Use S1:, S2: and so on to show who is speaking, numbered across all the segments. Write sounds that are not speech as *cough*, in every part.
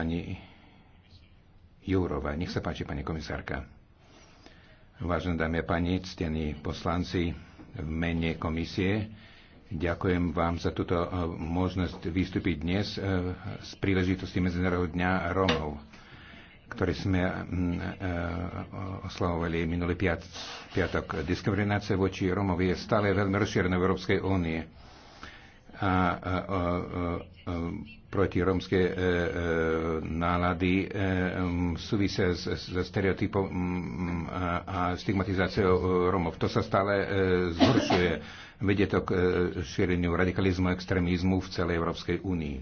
S1: pani Jurova. Nech sa páči, pani komisárka. Vážené dámy a páni, ctení poslanci v mene komisie, ďakujem vám za túto eh, možnosť vystúpiť dnes eh, z príležitosti Medzinárodného dňa Rómov ktorý sme mm, eh, oslavovali minulý piatok. Diskriminácia voči Rómov je stále veľmi rozšírená v Európskej únie a, a, a, a protiromské e, e, nálady e, súvisia s, s stereotypom a, a stigmatizáciou e, Romov. To sa stále e, zhoršuje. Vedie to k e, šíreniu radikalizmu a extrémizmu v celej Európskej únii.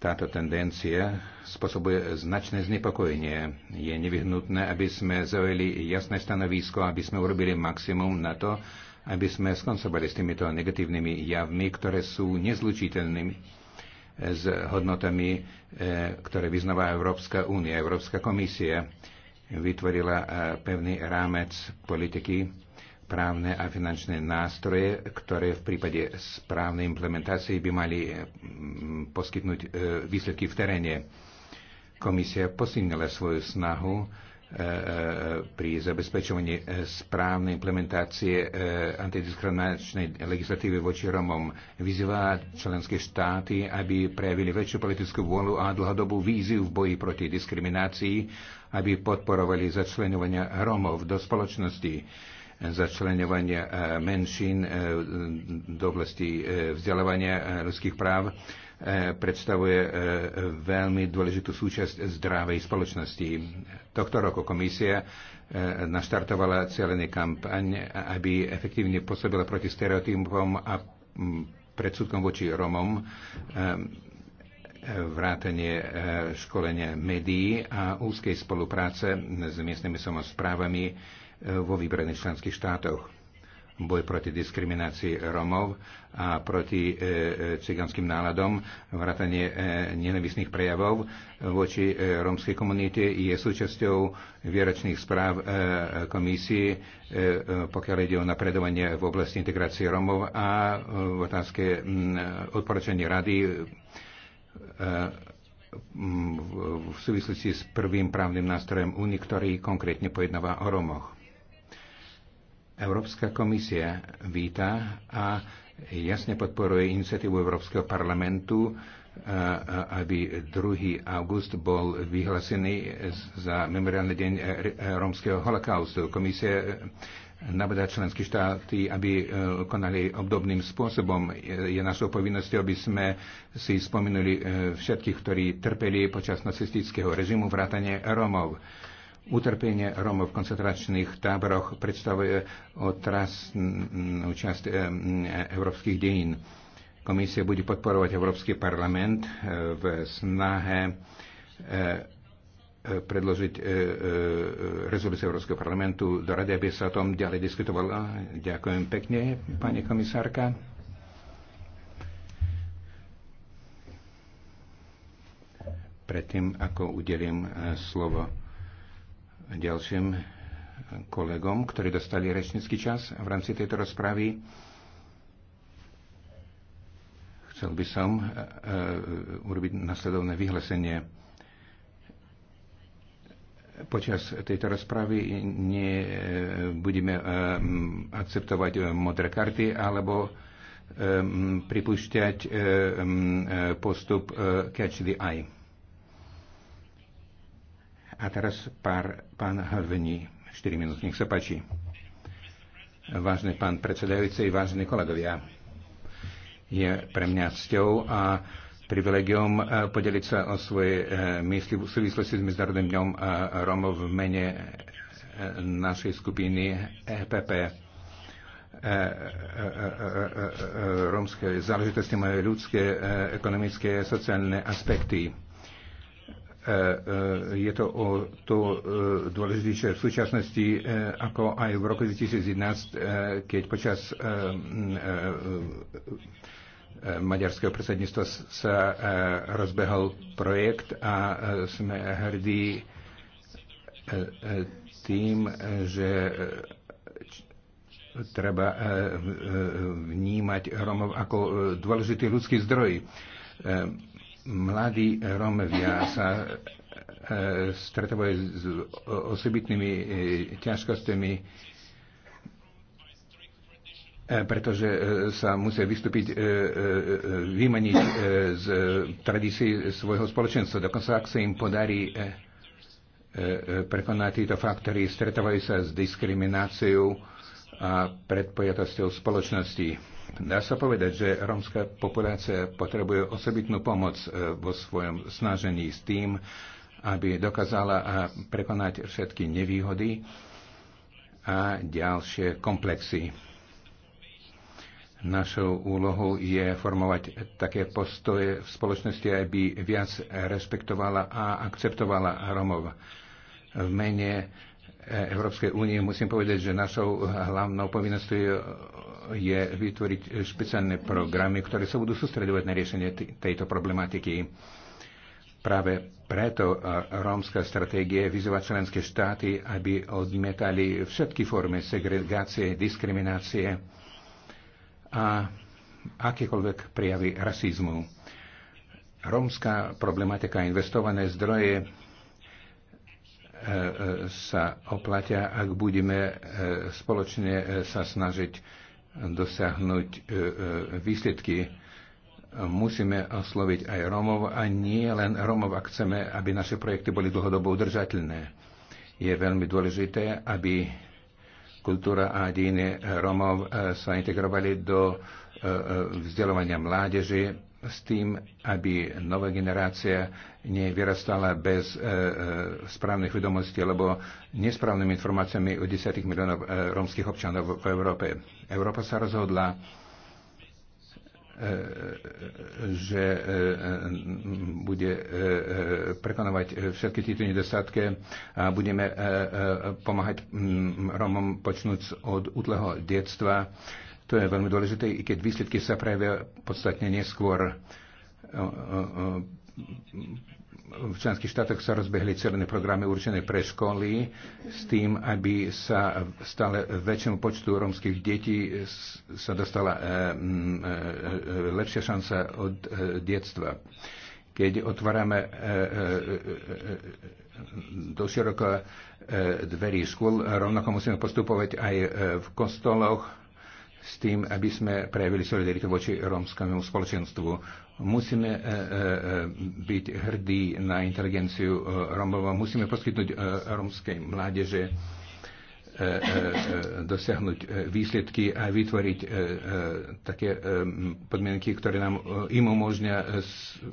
S1: Táto tendencia spôsobuje značné znepokojenie. Je nevyhnutné, aby sme zaujeli jasné stanovisko, aby sme urobili maximum na to, aby sme skoncovali s týmito negatívnymi javmi, ktoré sú nezlučiteľnými e, s hodnotami, e, ktoré vyznáva Európska únia. Európska komisia vytvorila e, pevný rámec politiky, právne a finančné nástroje, ktoré v prípade správnej implementácie by mali poskytnúť výsledky v teréne. Komisia posilnila svoju snahu pri zabezpečovaní e, správnej implementácie e, antidiskriminačnej legislatívy voči Romom. Vyzýva členské štáty, aby prejavili väčšiu politickú vôľu a dlhodobú víziu v boji proti diskriminácii, aby podporovali začlenovanie Romov do spoločnosti začlenovanie e, menšín do oblasti vzdelávania ľudských práv predstavuje e, veľmi dôležitú súčasť zdravej spoločnosti. Tohto roku komisia e, naštartovala cieľený kampaň, aby efektívne pôsobila proti stereotypom a predsudkom voči Romom, e, vrátanie školenia médií a úzkej spolupráce s miestnymi samozprávami vo vybraných členských štátoch boj proti diskriminácii Romov a proti e, e cigánskym náladom, vrátanie e, nenavisných prejavov voči e, romskej komunite je súčasťou vieračných správ e, komisie, e, pokiaľ ide o napredovanie v oblasti integrácie Romov a e, v otázke e, rady e, v súvislosti s prvým právnym nástrojem Unii, ktorý konkrétne pojednáva o Romoch. Európska komisia víta a jasne podporuje iniciatívu Európskeho parlamentu, e, e, aby 2. august bol vyhlásený za Memoriálny deň e, rómskeho holokaustu. Komisia nabadá členské štáty, aby konali obdobným spôsobom. Je našou povinnosťou, aby sme si spomenuli všetkých, ktorí trpeli počas nacistického režimu vrátane Rómov. Utrpenie Rómov v koncentračných táboroch predstavuje otrasnú časť eh, eh, európskych dejín. Komisia bude podporovať Európsky parlament eh, v snahe predložiť rezolúciu Európskeho parlamentu do rady, aby sa o tom ďalej diskutovalo. Ďakujem pekne, pani komisárka. Predtým, ako udelím slovo ďalším kolegom, ktorí dostali rečnícky čas v rámci tejto rozpravy. Chcel by som e, e, urobiť nasledovné vyhlesenie. Počas tejto rozpravy nebudeme e, akceptovať modré karty alebo pripúšťať postup catch the eye. A teraz pár, pán Hrvení, 4 minút, nech sa páči. Vážny pán predsedajúci, vážni kolegovia, je pre mňa cťou a privilegium eh, podeliť sa o svoje eh, mysli v súvislosti s Medzinárodným dňom eh, Romov v mene našej skupiny EPP. Rómske záležitosti majú ľudské, ekonomické, sociálne aspekty je to o to e, dôležitejšie v súčasnosti e, ako aj v roku 2011, e, keď počas maďarského predsedníctva sa rozbehol projekt a sme hrdí tým, že treba vnímať Romov ako dôležitý ľudský zdroj mladí Romovia sa e, stretávajú s osobitnými e, e pretože e, sa musia vystúpiť, vymaniť z tradícií svojho spoločenstva. Dokonca ak sa im podarí prekonať tieto faktory, stretávajú sa s diskrimináciou a predpojatosťou spoločnosti Dá sa povedať, že rómska populácia potrebuje osobitnú pomoc e, vo svojom snažení s tým, aby dokázala e, prekonať všetky nevýhody a ďalšie komplexy. Našou úlohou je formovať také postoje v spoločnosti, aby viac rešpektovala a akceptovala Romov. V mene Európskej únie, musím povedať, že našou hlavnou povinnosťou je, je vytvoriť špeciálne programy, ktoré sa budú sústredovať na riešenie tejto problematiky. Práve preto rómska stratégia vyzýva členské štáty, aby odmietali všetky formy segregácie, diskriminácie a akékoľvek prijavy rasizmu. Rómska problematika investované zdroje sa oplatia, ak budeme e, spoločne e, sa snažiť dosiahnuť e, výsledky. Musíme osloviť aj Romov a nie len Romov, ak chceme, aby naše projekty boli dlhodobo udržateľné. Je veľmi dôležité, aby kultúra a dejiny Romov sa integrovali do vzdelovania mládeže, s tým, aby nová generácia nevyrastala bez e, e správnych vedomostí alebo nesprávnymi informáciami o 10 miliónov e, rómskych občanov v Európe. Európa sa rozhodla, e, že e, bude e, e prekonovať všetky tieto nedostatky a budeme e, e, pomáhať Rómom počnúť od útleho detstva. E, to je veľmi dôležité, i keď výsledky sa prejavia podstatne neskôr. V členských štátoch sa rozbehli celé programy určené pre školy s tým, aby sa stále väčšiemu počtu rómskych detí sa dostala e, e, lepšia šanca od e, detstva. Keď otvárame do široko dverí škôl, rovnako musíme postupovať aj v kostoloch, s tým, aby sme prejavili solidaritu voči rómskému spoločenstvu. Musíme e, e, e, byť hrdí na inteligenciu Rómov, musíme poskytnúť rómskej mládeže dosiahnuť výsledky a vytvoriť také podmienky, ktoré nám im umožňa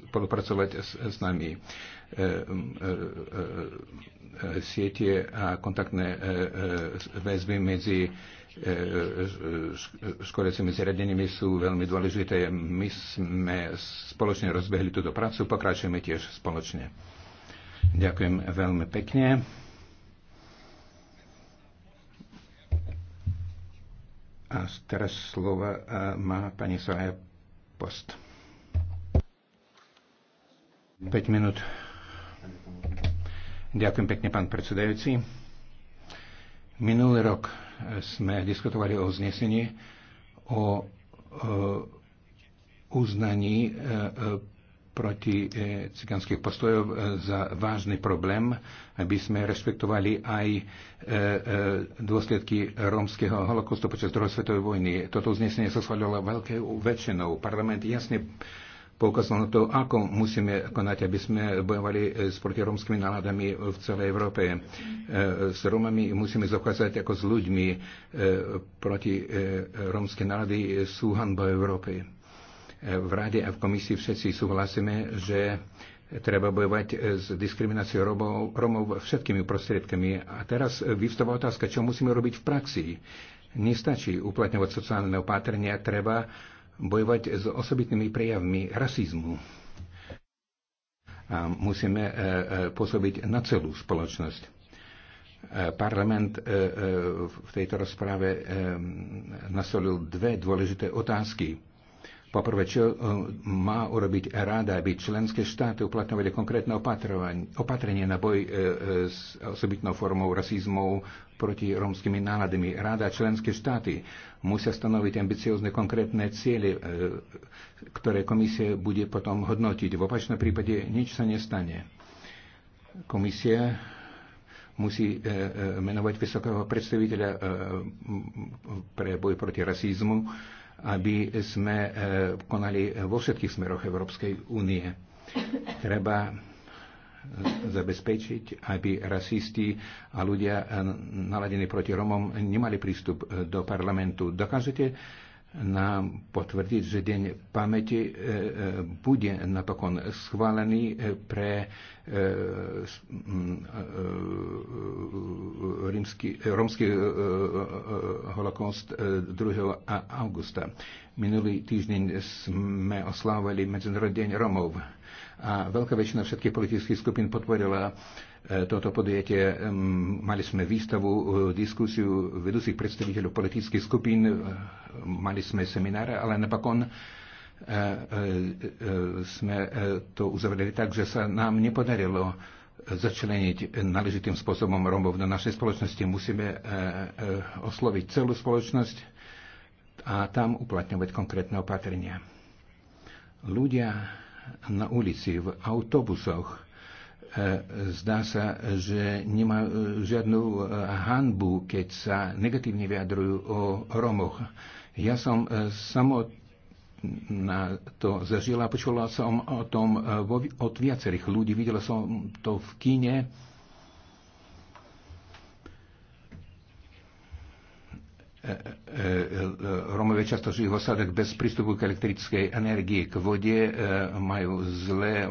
S1: spolupracovať s, s nami. Siete a kontaktné väzby medzi s školiacimi zariadeniami sú veľmi dôležité. My sme spoločne rozbehli túto prácu, pokračujeme tiež spoločne. Ďakujem veľmi pekne. A teraz slova má pani Soraya Post. 5 minút. Ďakujem pekne, pán predsedajúci. Minulý rok e, sme diskutovali o znesení, o e, uznaní e, proti cigánskych postojov za vážny problém, aby sme rešpektovali aj dôsledky rómskeho holokaustu počas druhej svetovej vojny. Toto uznesenie sa schválilo veľkou väčšinou. Parlament jasne poukázal na to, ako musíme konať, aby sme bojovali eh, s protiromskými náladami v celej Európe. Eh, s Romami musíme zokázať ako s ľuďmi. Eh, proti romské nálady sú hanba Európy. V Rade a v komisii všetci súhlasíme, že treba bojovať s diskrimináciou Romov, Romov všetkými prostriedkami. A teraz vyvstáva otázka, čo musíme robiť v praxi. Nestačí uplatňovať sociálne opatrenia, treba bojovať s osobitnými prejavmi rasizmu. A musíme e, e, pôsobiť na celú spoločnosť. E, parlament v tejto rozprave nasolil dve dôležité otázky Poprvé, čo e, má urobiť rada, aby členské štáty uplatňovali konkrétne opatrenie na boj e, e, s osobitnou formou rasizmu proti romskými náladami. Rada členské štáty musia stanoviť ambiciozne konkrétne ciele, ktoré komisie bude potom hodnotiť. V opačnom prípade nič sa nestane. Komisie musí menovať vysokého predstaviteľa pre boj proti rasizmu aby sme eh, konali vo všetkých smeroch Európskej únie. Treba zabezpečiť, aby rasisti a ľudia eh, naladení proti Romom nemali prístup eh, do parlamentu. Dokážete nám potvrdiť, že Deň pamäti e, e, bude napokon schválený e, pre rímsky, holokost 2. augusta. Minulý týždeň sme oslávali Medzinárodný deň Romov a veľká väčšina všetkých politických skupín podporila E, toto podujete. Mali sme výstavu, e, diskusiu vedúcich predstaviteľov politických skupín, e, mali sme semináre, ale napokon sme to uzavreli tak, že sa nám nepodarilo začleniť náležitým spôsobom Rómov do našej spoločnosti. Musíme osloviť celú spoločnosť a tam uplatňovať konkrétne opatrenia. Ľudia na ulici, v autobusoch, E, zdá sa, že nemá žiadnu e, hanbu, keď sa negatívne vyjadrujú o Romoch. Ja som e, samot na to zažila. Počula som o tom od viacerých ľudí. Videla som to v kine. Romovia často žijú v osadách bez prístupu k elektrickej energii, k vode, e, majú zlé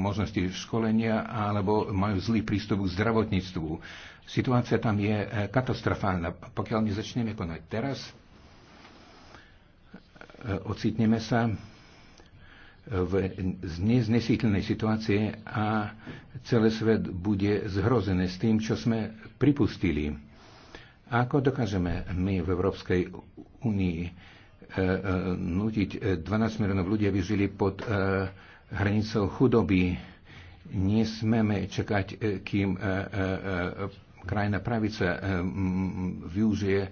S1: možnosti školenia alebo majú zlý prístup k zdravotníctvu. Situácia tam je e, katastrofálna. Pokiaľ nezačneme konať teraz, e, ocitneme sa v neznesiteľnej situácii a celý svet bude zhrozený s tým, čo sme pripustili ako dokážeme my v Európskej únii e, e, nutiť 12 e, miliónov ľudí, aby žili pod hranicou chudoby? Nesmeme čakať, kým krajina pravica využije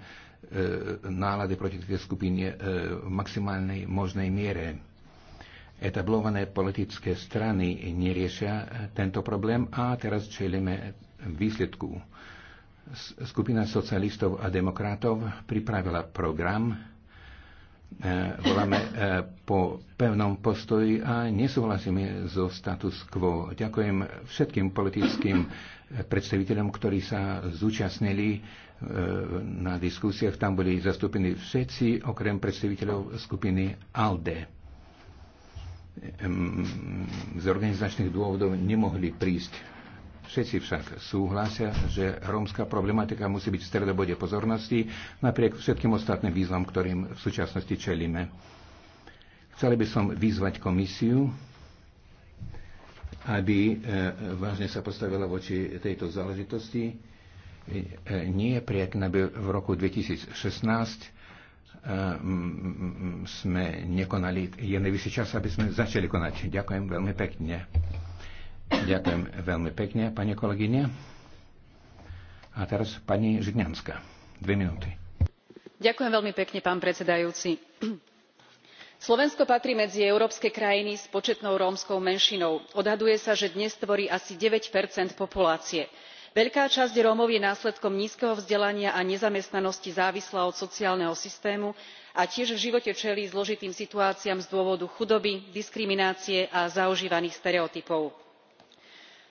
S1: nálady proti tej skupine v maximálnej možnej miere. Etablované politické strany neriešia tento problém a teraz čelíme výsledku Skupina socialistov a demokratov pripravila program. E, voláme e, po pevnom postoji a nesúhlasíme so status quo. Ďakujem všetkým politickým predstaviteľom, ktorí sa zúčastnili e, na diskusiách. Tam boli zastúpení všetci, okrem predstaviteľov skupiny ALDE. Z organizačných dôvodov nemohli prísť Všetci však súhlasia, že rómska problematika musí byť v stredobode pozornosti napriek všetkým ostatným výzvam, ktorým v súčasnosti čelíme. Chceli by som vyzvať komisiu, aby e, vážne sa postavila voči tejto záležitosti. E, nie je priekne, aby v roku 2016 e, sme nekonali. Je najvyšší čas, aby sme začali konať. Ďakujem veľmi pekne. Ďakujem veľmi pekne, pani kolegyne. A teraz pani Židňanská. Dve minúty.
S2: Ďakujem veľmi pekne, pán predsedajúci. Slovensko patrí medzi európske krajiny s početnou rómskou menšinou. Odhaduje sa, že dnes tvorí asi 9 populácie. Veľká časť Rómov je následkom nízkeho vzdelania a nezamestnanosti závislá od sociálneho systému a tiež v živote čelí zložitým situáciám z dôvodu chudoby diskriminácie a zaužívaných stereotypov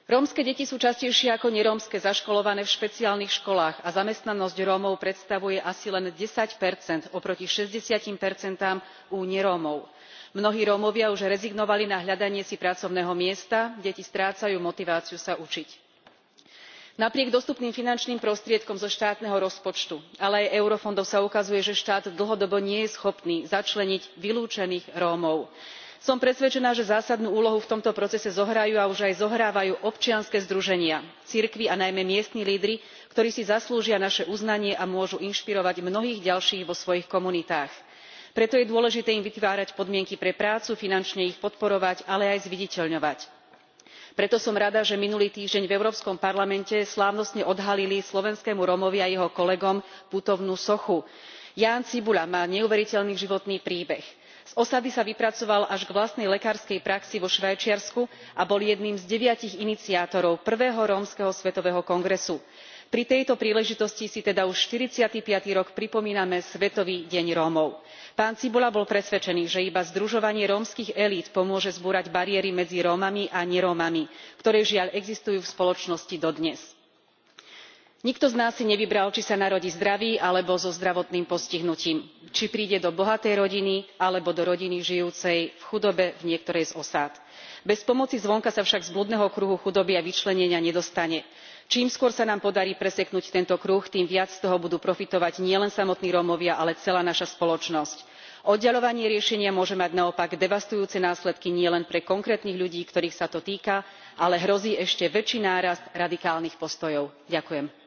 S2: rómske deti sú častejšie ako nerómske zaškolované v špeciálnych školách a zamestnanosť rómov predstavuje asi len ten oproti sixty u nerómov. mnohí rómovia už rezignovali na hľadanie si pracovného miesta deti strácajú motiváciu sa učiť. napriek dostupným finančným prostriedkom zo štátneho rozpočtu ale aj eurofondov sa ukazuje že štát dlhodobo nie je schopný začleniť vylúčených rómov som presvedčená že zásadnú úlohu v tomto procese zohrajú a už aj zohrávajú občianske združenia cirkvi a najmä miestni lídri ktorí si zaslúžia naše uznanie a môžu inšpirovať mnohých ďalších vo svojich komunitách. preto je dôležité im vytvárať podmienky pre prácu finančne ich podporovať ale aj zviditeľňovať. preto som rada že minulý týždeň v európskom parlamente slávnostne odhalili slovenskému rómovi a jeho kolegom putovnú sochu. ján Cibula má neuveriteľný životný príbeh z osady sa vypracoval až k vlastnej lekárskej praxi vo švajčiarsku a bol jedným z deviatich iniciátorov prvého rómskeho svetového kongresu. pri tejto príležitosti si teda už forty five rok pripomíname svetový deň rómov. pán Cibula bol presvedčený že iba združovanie rómskych elít pomôže zbúrať bariéry medzi rómami a nerómami ktoré žiaľ existujú v spoločnosti dodnes nikto z nás si nevybral či sa narodí zdravý alebo so zdravotným postihnutím či príde do bohatej rodiny alebo do rodiny žijúcej v chudobe v niektorej z osád. bez pomoci zvonka sa však z bludného kruhu chudoby a vyčlenenia nedostane. čím skôr sa nám podarí preseknúť tento kruh tým viac z toho budú profitovať nielen samotní rómovia ale celá naša spoločnosť. oddaľovanie riešenia môže mať naopak devastujúce následky nielen pre konkrétnych ľudí ktorých sa to týka ale hrozí ešte väčší nárast radikálnych postojov. ďakujem.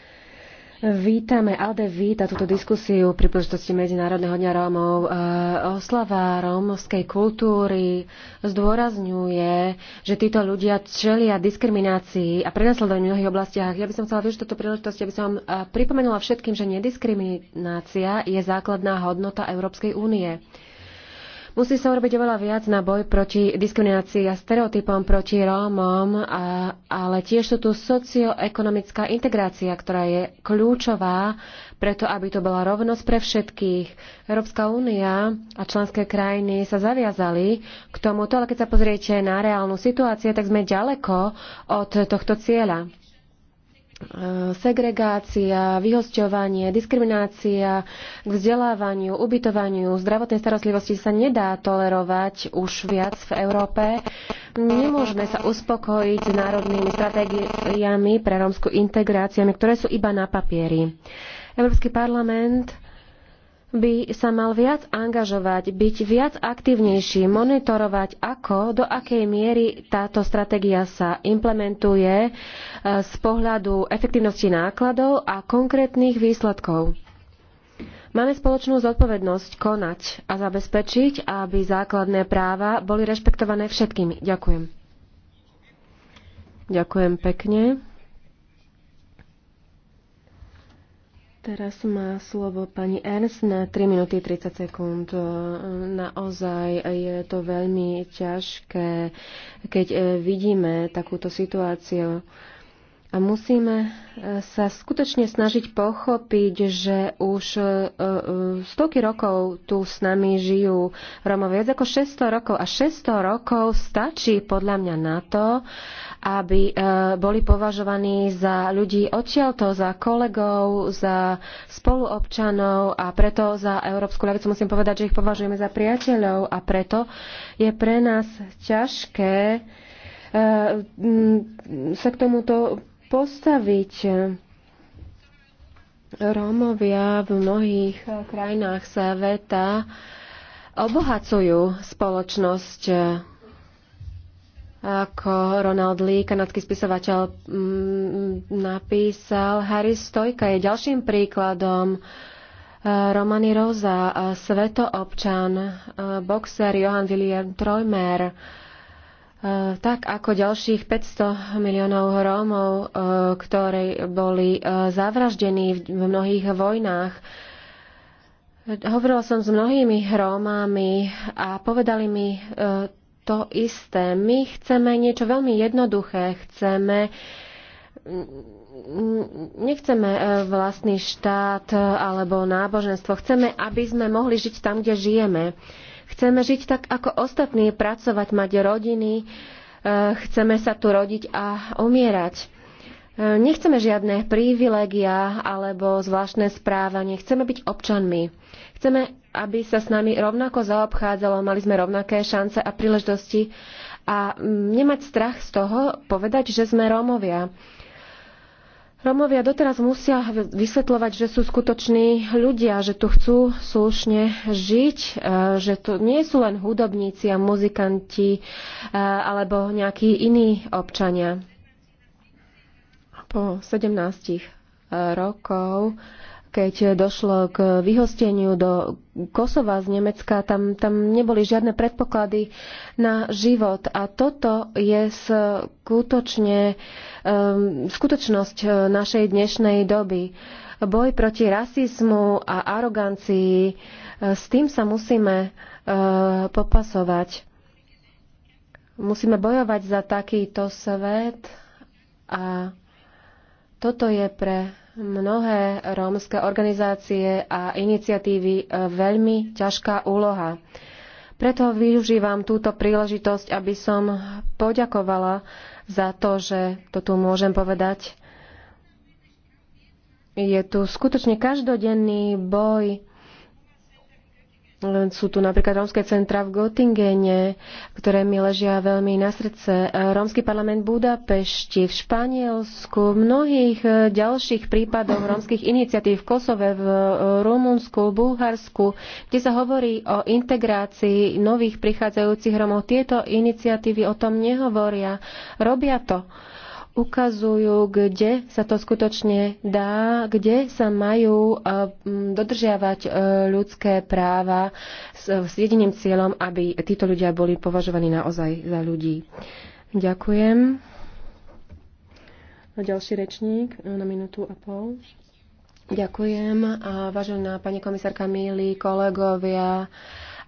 S3: Vítame, Alde víta túto diskusiu pri príležitosti Medzinárodného dňa Rómov. E, oslava rómskej kultúry zdôrazňuje, že títo ľudia čelia diskriminácii a prenasledovaniu v mnohých oblastiach. Ja by som chcela využiť túto príležitosť, aby som e, pripomenula všetkým, že nediskriminácia je základná hodnota Európskej únie. Musí sa urobiť oveľa viac na boj proti diskriminácii a stereotypom proti Rómom, a, ale tiež sú tu socioekonomická integrácia, ktorá je kľúčová preto, aby to bola rovnosť pre všetkých. Európska únia a členské krajiny sa zaviazali k tomuto, ale keď sa pozriete na reálnu situáciu, tak sme ďaleko od tohto cieľa. E, segregácia, vyhosťovanie, diskriminácia k vzdelávaniu, ubytovaniu, zdravotnej starostlivosti sa nedá tolerovať už viac v Európe. Nemôžeme sa uspokojiť s národnými stratégiami pre rómsku integráciami, ktoré sú iba na papieri. Európsky parlament by sa mal viac angažovať, byť viac aktívnejší, monitorovať, ako, do akej miery táto stratégia sa implementuje e, z pohľadu efektívnosti nákladov a konkrétnych výsledkov. Máme spoločnú zodpovednosť konať a zabezpečiť, aby základné práva boli rešpektované všetkými. Ďakujem. Ďakujem pekne. Teraz má slovo pani Ernst na 3 minúty 30 sekúnd. E, naozaj je to veľmi ťažké, keď e, vidíme takúto situáciu. A musíme e, sa skutočne snažiť pochopiť, že už e, e, stovky rokov tu s nami žijú Rómovia, viac ako 600 rokov. A 600 rokov stačí podľa mňa na to, aby boli považovaní za ľudí odtiaľto, za kolegov, za spoluobčanov a preto za Európsku ľavicu musím povedať, že ich považujeme za priateľov a preto je pre nás ťažké sa k tomuto postaviť. Rómovia v mnohých krajinách sveta obohacujú spoločnosť ako Ronald Lee, kanadský spisovateľ, mm, napísal. Harry Stojka je ďalším príkladom. Eh, Romany Rosa, eh, svetoobčan, eh, boxer Johan William Trojmer, Eh, tak ako ďalších 500 miliónov Rómov, eh, ktorí boli eh, zavraždení v mnohých vojnách. Hovorila som s mnohými Rómami a povedali mi to isté. My chceme niečo veľmi jednoduché. Chceme mm, mm, nechceme vlastný štát alebo náboženstvo. Chceme, aby sme mohli žiť tam, kde žijeme. Chceme žiť tak ako ostatní, pracovať, mať rodiny, e, chceme sa tu rodiť a umierať. E, nechceme žiadne privilegia alebo zvláštne správanie. Chceme byť občanmi. Chceme, aby sa s nami rovnako zaobchádzalo, mali sme rovnaké šance a príležitosti a mm, nemať strach z toho povedať, že sme Rómovia. Romovia doteraz musia vysvetľovať, že sú skutoční ľudia, že tu chcú slušne žiť, e, že tu nie sú len hudobníci a muzikanti e, alebo nejakí iní občania. Po 17 e, rokov keď došlo k vyhosteniu do Kosova z Nemecka, tam, tam neboli žiadne predpoklady na život. A toto je skutočne um, skutočnosť našej dnešnej doby. Boj proti rasizmu a arogancii, uh, s tým sa musíme uh, popasovať. Musíme bojovať za takýto svet a toto je pre mnohé rómske organizácie a iniciatívy e, veľmi ťažká úloha. Preto využívam túto príležitosť, aby som poďakovala za to, že to tu môžem povedať. Je tu skutočne každodenný boj sú tu napríklad rómske centra v Göttingene, ktoré mi ležia veľmi na srdce. Rómsky parlament v Budapešti, v Španielsku, v mnohých eh, ďalších prípadoch rómskych iniciatív v Kosove, v eh, Rumunsku, v Bulharsku, kde sa hovorí o integrácii nových prichádzajúcich Rómov. Tieto iniciatívy o tom nehovoria. Robia to ukazujú, kde sa to skutočne dá, kde sa majú dodržiavať e, ľudské práva s jediným cieľom, aby títo ľudia boli považovaní naozaj za ľudí. Ďakujem. Ďalší rečník e, na minútu a pol. Ďakujem. Vážená pani komisárka, milí kolegovia,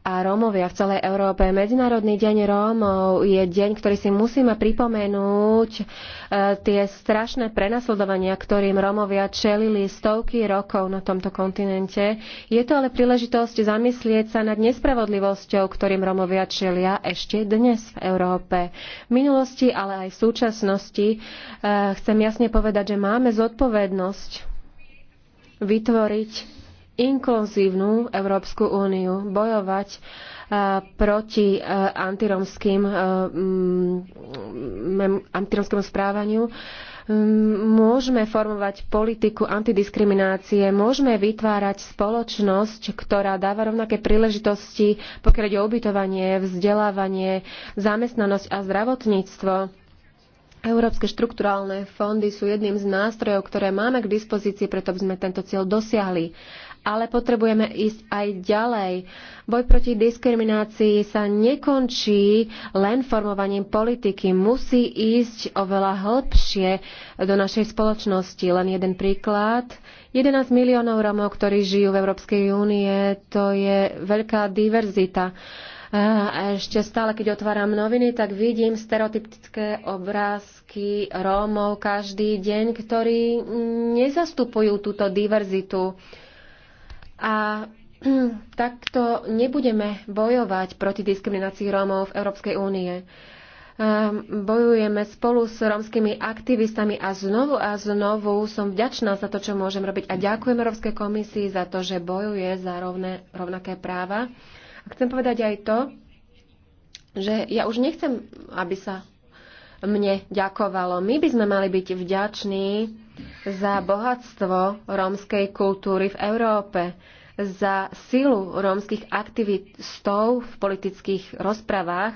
S3: a Rómovia v celej Európe. Medzinárodný deň Rómov je deň, ktorý si musíme pripomenúť e, tie strašné prenasledovania, ktorým Rómovia čelili stovky rokov na tomto kontinente. Je to ale príležitosť zamyslieť sa nad nespravodlivosťou, ktorým Rómovia čelia ešte dnes v Európe. V minulosti, ale aj v súčasnosti e, chcem jasne povedať, že máme zodpovednosť vytvoriť inkluzívnu Európsku úniu, bojovať e, proti e, antiromským, e, antiromskému správaniu. Môžeme formovať politiku antidiskriminácie, môžeme vytvárať spoločnosť, ktorá dáva rovnaké príležitosti, pokiaľ ide o ubytovanie, vzdelávanie, zamestnanosť a zdravotníctvo Európske štrukturálne fondy sú jedným z nástrojov, ktoré máme k dispozícii, preto by sme tento cieľ dosiahli. Ale potrebujeme ísť aj ďalej. Boj proti diskriminácii sa nekončí len formovaním politiky. Musí ísť oveľa hĺbšie do našej spoločnosti. Len jeden príklad. 11 miliónov Romov, ktorí žijú v Európskej únie, to je veľká diverzita. A ešte stále, keď otváram noviny, tak vidím stereotypické obrázky Rómov každý deň, ktorí nezastupujú túto diverzitu. A *clears throat* takto nebudeme bojovať proti diskriminácii Rómov v Európskej únie bojujeme spolu s romskými aktivistami a znovu a znovu som vďačná za to, čo môžem robiť a ďakujem Európskej komisii za to, že bojuje za rovné, rovnaké práva a Chcem povedať aj to, že ja už nechcem, aby sa mne ďakovalo. My by sme mali byť vďační za bohatstvo rómskej kultúry v Európe, za silu rómskych aktivistov v politických rozpravách.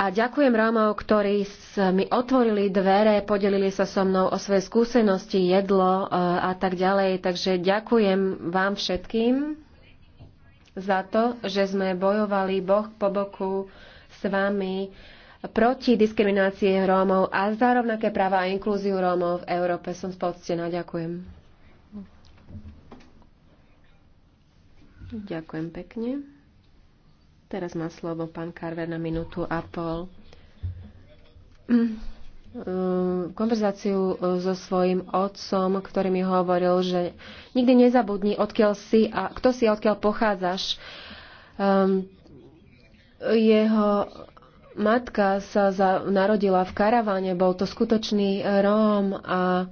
S3: A ďakujem Rómov, ktorí mi otvorili dvere, podelili sa so mnou o svoje skúsenosti, jedlo e, a tak ďalej. Takže ďakujem vám všetkým za to, že sme bojovali boh po boku s vami proti diskriminácii Rómov a za rovnaké práva a inklúziu Rómov v Európe. Som spoctená. Ďakujem. Ďakujem pekne. Teraz má slovo pán Karver na minútu a pol. Eh, konverzáciu eh, so svojim otcom, ktorý mi hovoril, že nikdy nezabudni, odkiaľ si a kto si a odkiaľ pochádzaš. Um, jeho matka sa za, narodila v karavane, bol to skutočný eh, Róm a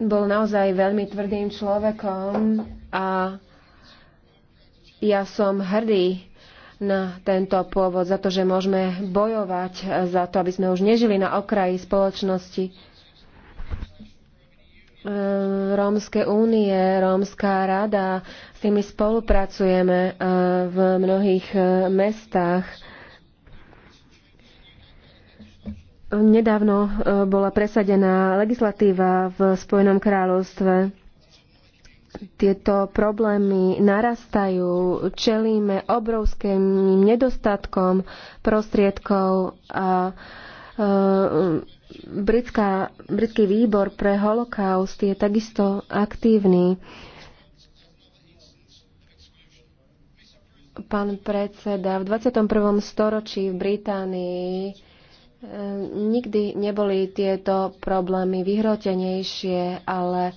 S3: bol naozaj veľmi tvrdým človekom a ja som hrdý na tento pôvod, za to, že môžeme bojovať e, za to, aby sme už nežili na okraji spoločnosti. E, Rómske únie, Rómska rada, s nimi spolupracujeme e, v mnohých mestách. Nedávno bola presadená legislatíva v Spojenom kráľovstve tieto problémy narastajú, čelíme obrovským nedostatkom prostriedkov a e, britská, britský výbor pre holokaust je takisto aktívny. Pán predseda, v 21. storočí v Británii e, nikdy neboli tieto problémy vyhrotenejšie, ale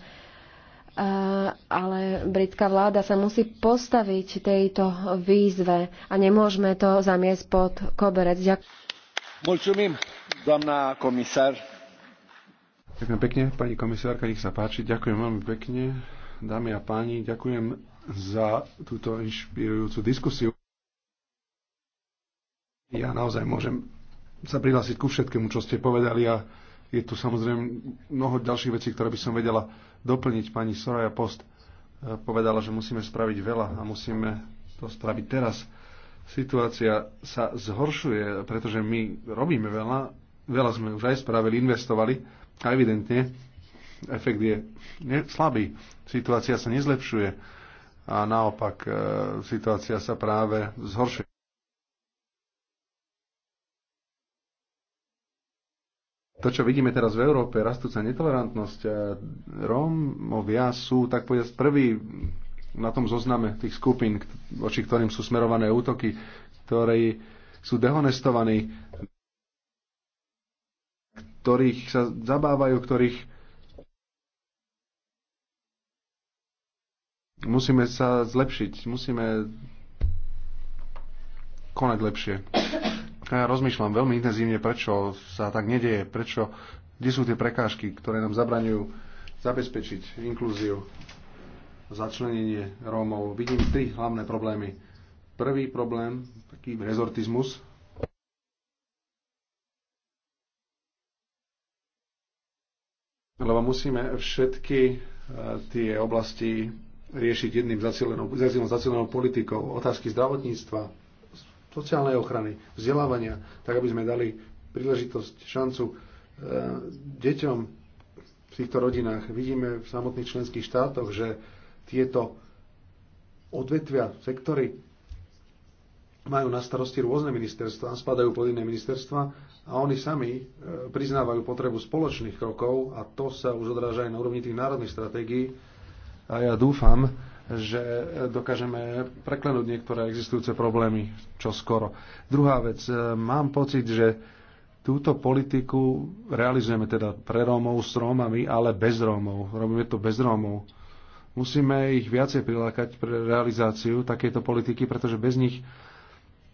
S3: ale britská vláda sa musí postaviť tejto výzve a nemôžeme to zamiesť pod koberec.
S1: Ďakujem.
S4: Ďakujem pekne, pani komisárka, nech sa páči. Ďakujem veľmi pekne, dámy a páni, ďakujem za túto inšpirujúcu diskusiu. Ja naozaj môžem sa prihlásiť ku všetkému, čo ste povedali a je tu samozrejme mnoho ďalších vecí, ktoré by som vedela doplniť. Pani Soraya Post e, povedala, že musíme spraviť veľa a musíme to spraviť teraz. Situácia sa zhoršuje, pretože my robíme veľa, veľa sme už aj spravili, investovali a evidentne efekt je slabý. Situácia sa nezlepšuje a naopak e, situácia sa práve zhoršuje. to, čo vidíme teraz v Európe, rastúca netolerantnosť, Rómovia sú, tak povedať, prvý na tom zozname tých skupín, voči ktorým sú smerované útoky, ktorí sú dehonestovaní, ktorých sa zabávajú, ktorých musíme sa zlepšiť, musíme konať lepšie ja rozmýšľam veľmi intenzívne, prečo sa tak nedieje, prečo, kde sú tie prekážky, ktoré nám zabraňujú zabezpečiť inklúziu, začlenenie Rómov. Vidím tri hlavné problémy. Prvý problém, taký rezortizmus, lebo musíme všetky e, tie oblasti riešiť jedným zacielenou, zacielenou politikou. Otázky zdravotníctva, sociálnej ochrany, vzdelávania, tak aby sme dali príležitosť, šancu eh, deťom v týchto rodinách. Vidíme v samotných členských štátoch, že tieto odvetvia, sektory majú na starosti rôzne ministerstva, spadajú pod iné ministerstva a oni sami eh, priznávajú potrebu spoločných krokov a to sa už odráža aj na úrovni tých národných stratégií. A ja dúfam, že dokážeme preklenúť niektoré existujúce problémy čo skoro. Druhá vec, e, mám pocit, že túto politiku realizujeme teda pre Rómov s Rómami, ale bez Rómov. Robíme to bez Rómov. Musíme ich viacej prilákať pre realizáciu takejto politiky, pretože bez nich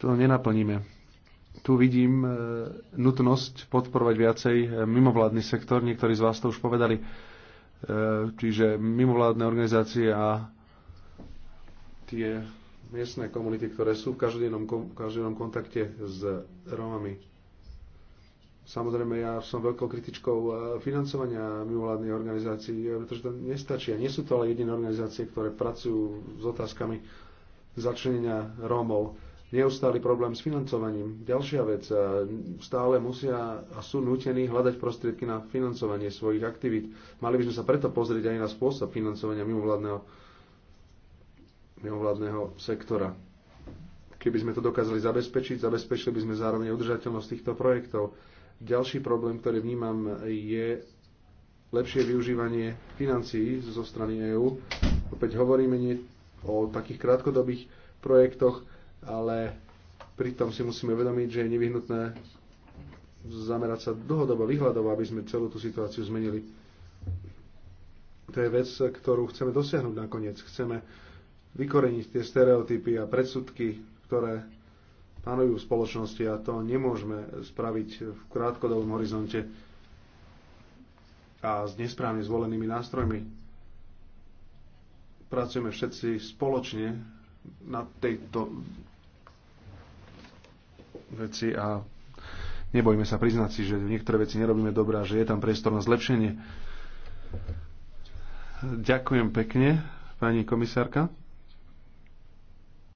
S4: to nenaplníme. Tu vidím e, nutnosť podporovať viacej e, mimovládny sektor, niektorí z vás to už povedali, čiže mimovládne organizácie a tie miestne komunity, ktoré sú v každodennom, každodennom kontakte s Rómami. Samozrejme, ja som veľkou kritičkou eh, financovania mimovládnych organizácií, pretože to nestačí. Nie sú to ale jediné organizácie, ktoré pracujú s otázkami začlenenia Rómov. Neustály problém s financovaním. Ďalšia vec, eh, stále musia a sú nútení hľadať prostriedky na financovanie svojich aktivít. Mali by sme sa preto pozrieť aj na spôsob financovania mimovládneho mimovládneho sektora. Keby sme to dokázali zabezpečiť, zabezpečili by sme zároveň udržateľnosť týchto projektov. Ďalší problém, ktorý vnímam, je lepšie využívanie financií zo strany EÚ. Opäť hovoríme nie o takých krátkodobých projektoch, ale pritom si musíme uvedomiť, že je nevyhnutné zamerať sa dlhodobo, vyhľadovo, aby sme celú tú situáciu zmenili. To je vec, ktorú chceme dosiahnuť nakoniec. Chceme vykoreniť tie stereotypy a predsudky, ktoré panujú v spoločnosti a to nemôžeme spraviť v krátkodobom horizonte a s nesprávne zvolenými nástrojmi. Pracujeme všetci spoločne na tejto veci a nebojme sa priznať si, že niektoré veci nerobíme dobré a že je tam priestor na zlepšenie. Ďakujem pekne, pani komisárka.